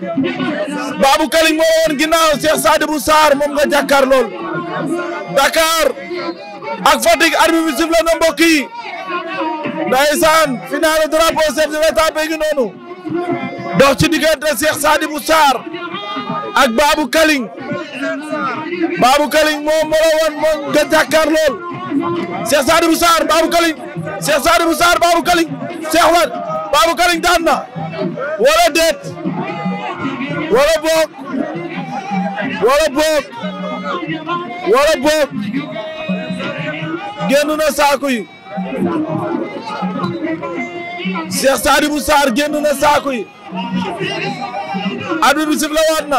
Babou Kaling moo woon ginnaaw Cheikh moom nga lool Dakar ak Fatick arbitre bi sifflé na mbokk yi ndeysaan finale drapeau chef de l'État bi noonu dox ci diggante Cheikh Sadibou Sarr ak Babou Kaling Babou Kaling moom la woon moom nga jàkkaar lool Cheikh Sadibou Sarr Kaling Cheikh Sadibou Sarr Kaling Cheikh Wade Babou Kaling daan na wala déet wala boog wala boog wala na saako yi Cheikh Sadibou Sarr génn na saako yi bi sifle waat na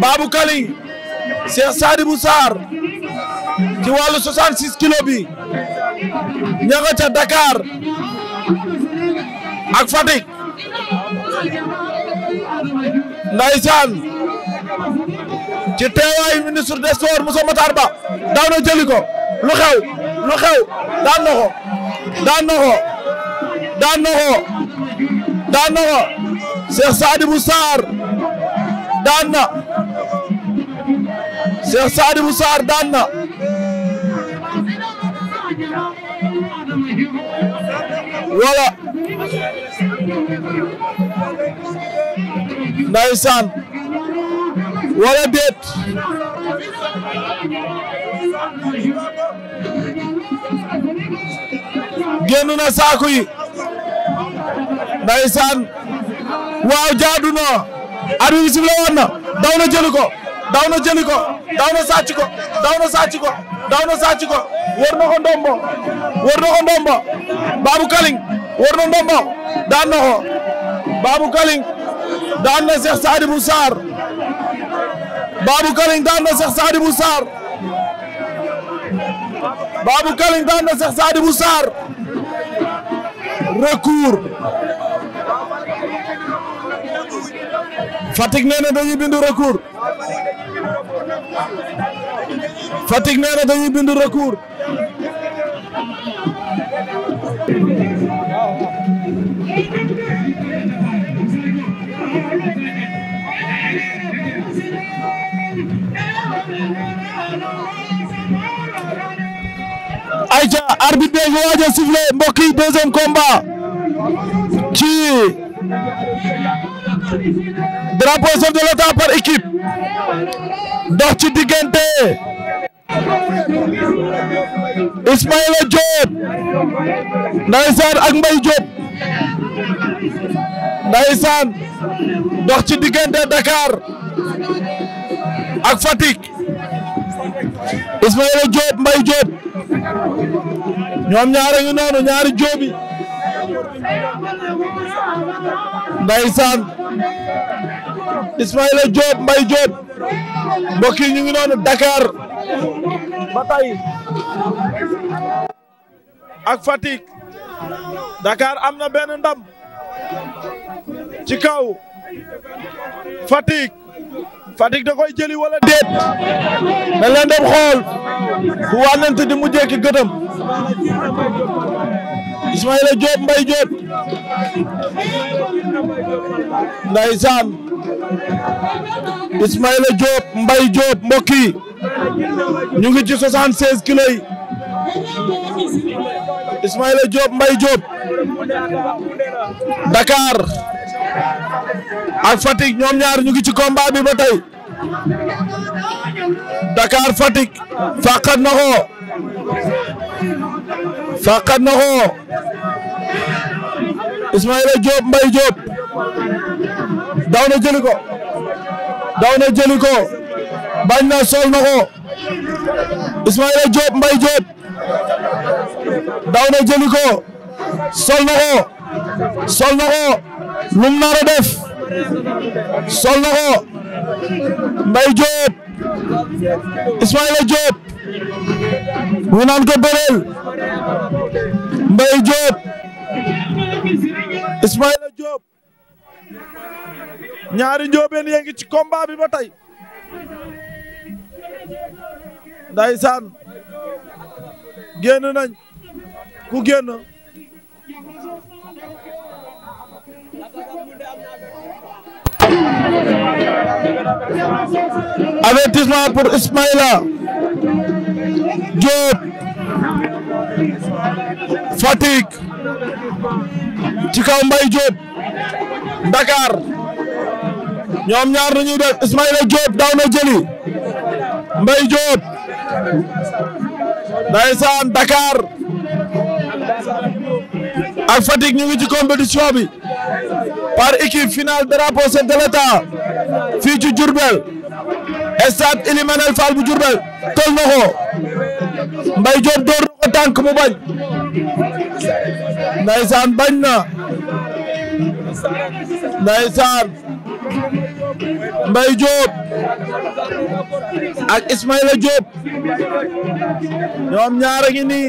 Babou Kaling Cheikh Sadibou Sarr ci wàllu bi ña nga ak Fatick Ndeysaan ci teewaayu ministre des sports Moussa Matar Ba daaw lu xew lu xew daan na daan na daan na ko daan na ko daan na Cheikh Sadibou Sarr daan na wala ndeysaan wala déet génn na saaku yi ndeysaan waaw jaadu na arbitre bi sifflé woon daw na jëli ko daw na jëli ko daw na sàcc ko daw na sàcc ko daw ko wër na ko ndombo wër Kaling wër na daan na ko Babou Kaling daan na Cheikh Sadibou Sarr Babou Kaling daan na Cheikh Sadibou Sarr Babou Kaling daan na Cheikh Sadibou Sarr dañuy bindu recours na dañuy bindu recours arbitre bi nga waaj a sifflé mbokk yi deuxième combat ci drapeau chef par équipe dox ci diggante Ismaïla Diop ndaysaan ak Mbaye Diop ndaysaan dox ci diggante Dakar ak Fatick Ismaïla Diop Mbaye Diop ñoom ñaare ngi noonu ñaari jóobi ndeysaan Ismaïla Diop Mbaye Diop mbokk yi ñu ngi noonu dakaar ba ak Fatick Dakar am na benn ndam ci kaw Fatick Fatick da koy jëli wala déet na leen dem xool ku wànnante di mujjee ki gëtam Ismaïla Diop Mbaye Diop ndeysaan Ismaïla Diop Mbaye Diop mbokk ñu ngi ci 76 kilos Ismaïla Diop Mbaye Diop Dakar ak Fatick ñoom ñaar ñu ngi ci combat Dakar Fatick faqat na ko faqat na ko Ismaïla Diop Mbaye Diop daw daw na jëli bañ na sol na ko Ismaïla Diop Mbaye Diop daw na jëli sol na ko sol na ko lum nar def sol na ko Mbaye Diop Ismaïla Diop ñu naan ko bëreel Mbaye Diop Ismaïla Diop ñaari njóobeen yee ngi ci combat bi ba tey ndaysaan génn nañ ku génn avertissement pour Ismaïla Diop Fatick ci kaw Mbaye Diop Dakar ñoom ñaar nañuy def Ismaïla Diop daw na jëli Mbaye Diop ndeysaan Dakar ak Fatick ñu ngi ci compétition bi par équipe finale drapeau chef de fii ci Diourbel stade Elimane El Fall bu Diourbel tol na ko Mbaye Diop door na ko tànk mu bañ ak Ismaïla Diop ñoom ñaar a ngi nii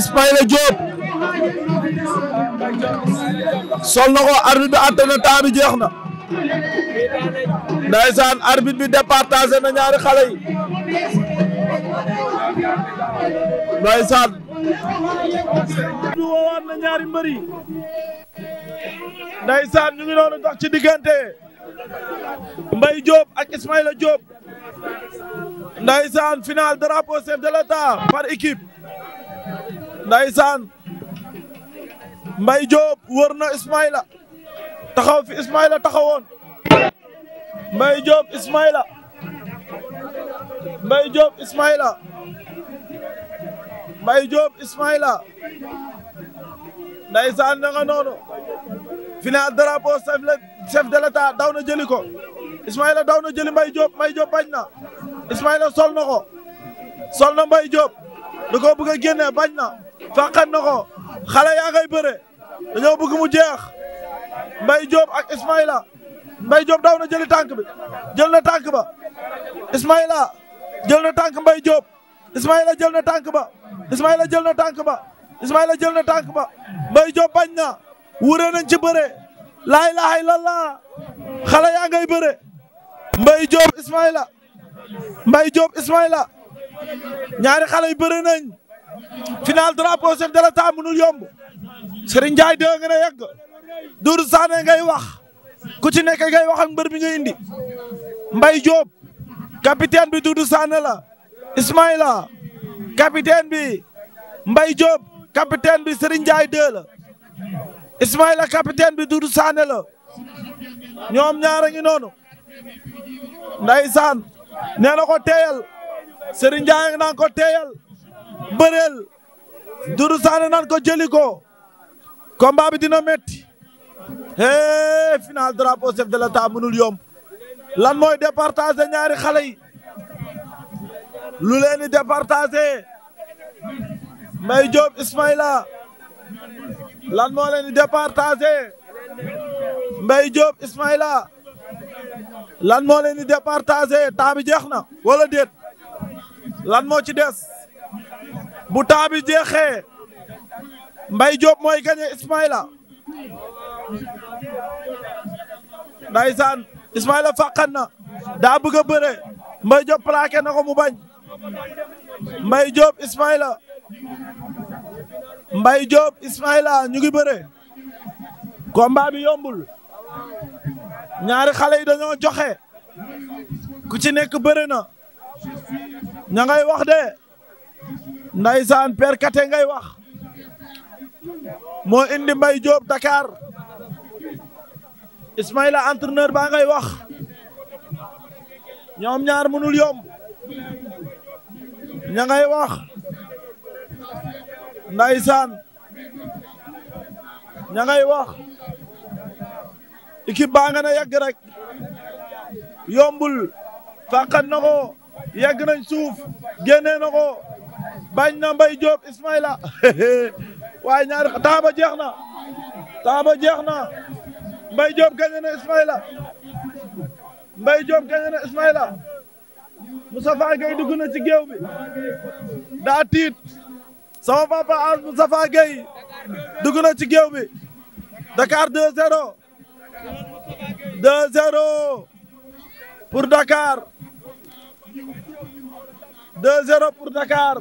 Ismaïla Diop sol na ko arbitre bi atte na bi jeex na ndaysaan arbitre bi départagé na ñaari xale yi ndaysaan bi na ñaari mbër yi ndaysaan noonu dox ci diggante Mbaye Diop ak Ismaïla Diop ndaysaan final drapeau chef de l'État par équipe ndaysaan Mbaye Diop wër na Ismaïla taxaw fi Ismaïla taxawoon Mbaye Diop Ismaïla Mbaye Diop Ismaïla Mbaye Diop Ismaïla ndeysaan na nga noonu final drapeau chef le chef de daw na jëli ko Ismaïla daw na jëli Mbaye Diop Mbaye Diop bañ na Ismaïla sol na ko sol na Mbaye Diop da koo bëgg a génne bañ na fàqat na ko xale yaa ngay bëre dañoo bëgg mu jeex Mbaye Diop ak Ismaïla Mbaye Diop daw na jëli tànk bi jël na tànk ba Ismaïla jël na tànk Mbaye Diop Ismaïla jël tànk ba Ismaïla jël na tànk ba Ismaïla jël na tànk ba Mbaye Diop bañ na wuree nañ ci bëre laa ilaaha illallah xale yaa ngay bëre Mbaye Diop Ismaïla Mbaye Diop Ismaïla ñaari xale yi bëre nañ final drapeau chef de l'État mënul yomb Serigne Ndiaye dégg nga ne yegg Doudou Sané ngay wax ku ci nekk ngay wax ak mbër mi nga indi Mbaye Diop capitaine bi Doudou Sané la Ismaïla bi Mbaye Diop capitaine bi Serigne Ndiaye 2 la Ismaïla bi Doudou Sané la ñoom ñaara ngi noonu ndeysaan nee na ko teeyal Serigne Ndiaye naan ko teeyal bëreel Doudou Sané naan ko jëli ko combat bi dina metti hee final drapeau chef de l'État mënul yomb lan mooy départager ñaari xale yi lu leen di départager Mbaye Diop Ismaïla lan moo leen di départager Mbaye lan moo leen di départager temps bi jeex na wala déet lan moo ci des bu temps bi Mbaye Diop mooy gagné Ismaïla ndaysaan Ismaïla fàqan na daa bëgg a bëre Mbaye Diop na ko mu bañ Mbaye Diop Ismaïla Mbaye Diop Ismaïla ñu ngi bëre combat bi yombul ñaari xale yi dañoo joxe ku ci nekk bëre na ña ngay wax de ndaysaan perkate ngay wax moo indi Mbaye Diop Dakar Ismaïla entraîneur baa ngay wax ñoom ñaar mënul yomb ña ngay wax ndaysaan ña ngay wax équipe baa nga na yegg rek yombul fàqat na ko yegg nañ suuf génnee na ko bañ na Mbaye Diop waaye ñaari temps ba jeex na temps ba jeex na Mbaye Diop gagné na Ismaïla Mbaye dugg na ci géew bi daa tiit sama papa as Moustapha Gueye na ci géew bi Dakar 2-0 2-0 pour Dakar 2-0 pour Dakar.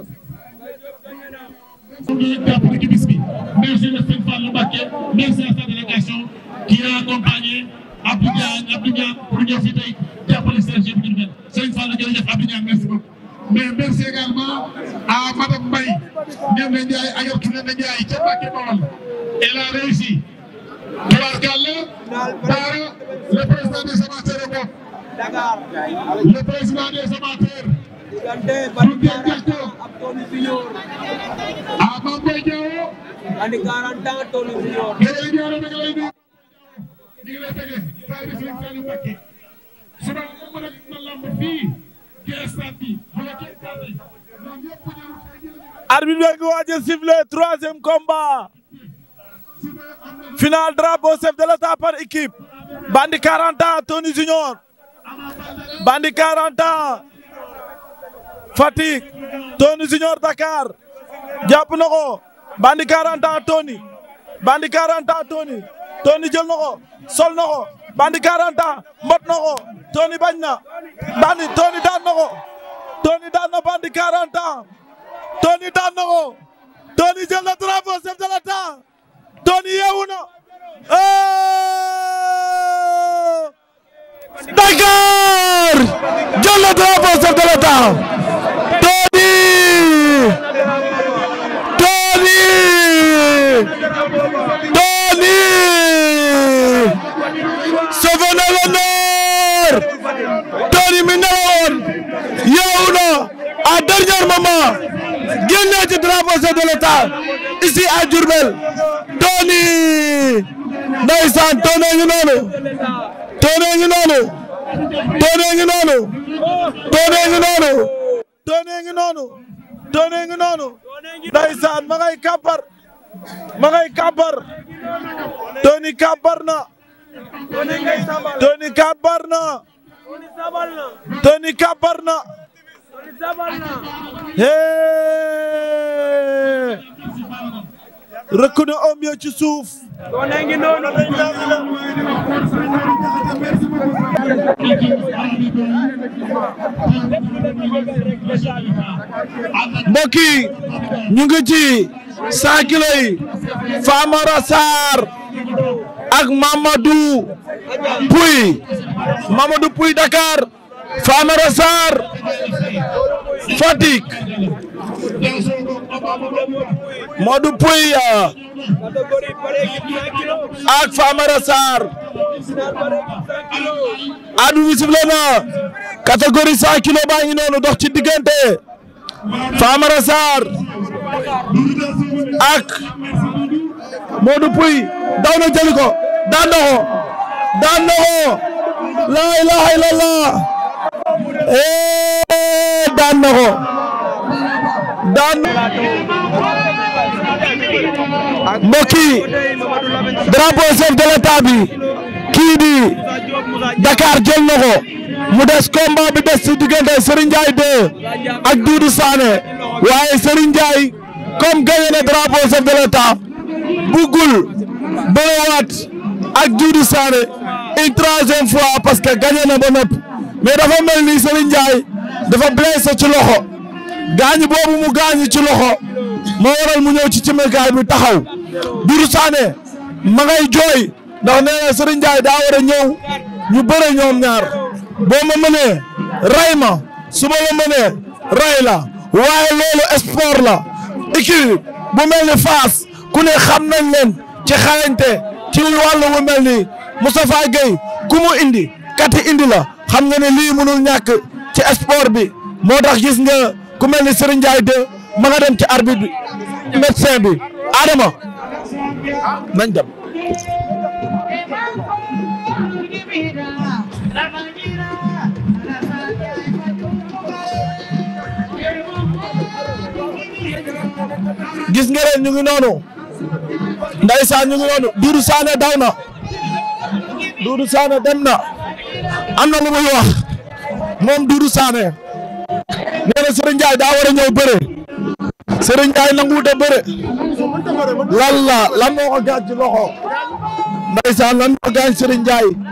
merci le sëñ Fallou Mbacké merci à sa délégation qui a accompagné Abdou Diagne Abdou Diagne pour ñëw fi tey jàppale Serge bu Diourbel sëñ Fallou jërëjëf Abdou Diagne merci beaucoup mais merci également à madame Mbaye Ndéné Ndiaye Ayotou Ndéné Ndiaye ca Mbacké Bawol elle a réussi tubaarkàlla par le président des amateurs et bopp le président des amateurs Doudou Diagne Diagne Diagne Amambay Diaw andi 40 ans Tony Junior arbitre bi ngi waaj chef de l'État par équipe bandi 40 ans Junior bandi 40 ans Fatick Junior Dakar jàpp Bandi 40 ans Tony Bandi 40 ans Tony Tony jël na ko Bandi 40 ans mbot na ko Bandi Tony daan na ko Tony daan na Bandi 40 ans Tony daan na ko Tony jël na drapeau chef de l'État dernier moment génne ci drapeau chef de l'État ici à Diourbel Tony ndeysaan Tony ngi noonu Tony ngi noonu Tony noonu Tony ngi noonu Tony ngi noonu Tony ngi noonu ndeysaan ma ngay kàppar ma ngay kàppar Tony na Tony kàppar na hee rëkk na om ya ci suuf. mbokk yi ñu ngi ci 100 kilos yi Famara Sarr ak Mamadou Pouy Mamadou Pouy Dakar. Famara Sarr Fatick Modou Pouye ak Famara Sarr adu na catégorie kilo baa ngi noonu dox ci diggante Famara Sarr ak Modou Pouye daw na jëli daan na daan na ko la ilaha Eh, daan na ko daan mbokk yi drapeau de l'état bi kii di Dakar jël na ko mu des combat bi des ci diggante Serigne Ndiaye ak Doudou Sané waaye Serigne Ndiaye comme na drapeau chef de l'état buggul bëriwaat ak Doudou Sané une troisième fois parce que gagné na ba noppi. mais dafa mel ni Serigne dafa blessé ci loxo gaañu boobu mu gaañu ci loxo moo waral mu ñëw ci cimekaay bi taxaw Doudou Sané ma ngay jooy ndax nee na Serigne Ndiaye daa war a ñëw ñu bëre ñoom ñaar boo mënee ray ma la mënee ray la loolu sport la bu mel ni Fass ku ne xam nañ leen ci xarañte ci wàllu bu mel ni Moustapha Gueye ku mu indi kati indi la xam nga ne lii mënul ñàkk ci sport bi moo tax gis nga ku mel ni Serigne Ndiaye de ma nga dem ci arbitre bi médecin bi Adama nañ gis nga ñu ngi noonu ndeysaan ñu ngi noonu Doudou Sané daw na Doudou Sané dem na. am na lu muy moom Doudou Sané nee na daa war a ñëw bëre Serigne Ndiaye nanguwut a bëre lan la lan moo ko gaañ ci gaañ Serigne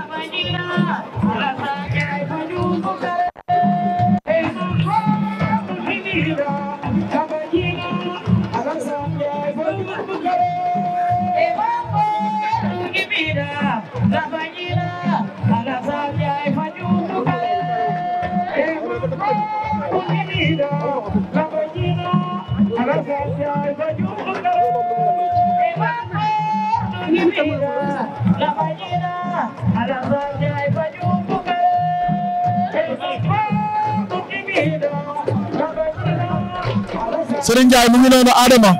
Serigne Ndiaye mu ngi noonu Adama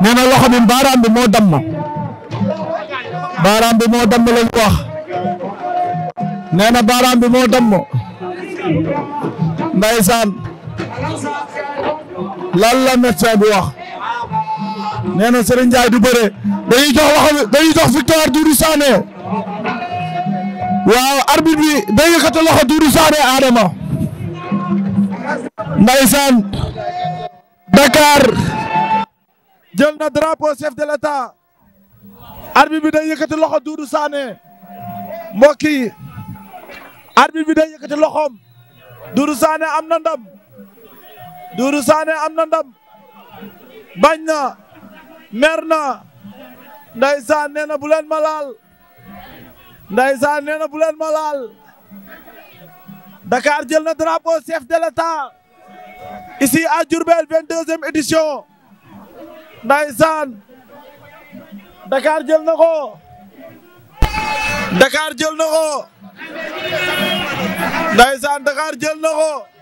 nee loxo bi baaraam bi moo damm baaraam bi moo damm lañ wax nee na bi moo damm ndaysaan lan la médecin bi wax nee na Serigne Ndiaye du bëre dañuy jox loxo bi dañuy jox waaw arbitre bi day yëkkati loxo Doudou Sané Adama ndeysaan Dakar jël na drapeau chef de l'État arbitre bi day yëkkati loxo Doudou Sané mbokk arbi bi day yëkkati loxoom Doudou Sané am na ndam Doudou am na ndam bañ na mer na ndeysaan nee na bu leen ndeysaan nee na bu leen ma jël na drapeau chef de l'État ici à Diourbel 22e édition ndeysaan Dakar jël na ko jël na ko ndeysaan jël na ko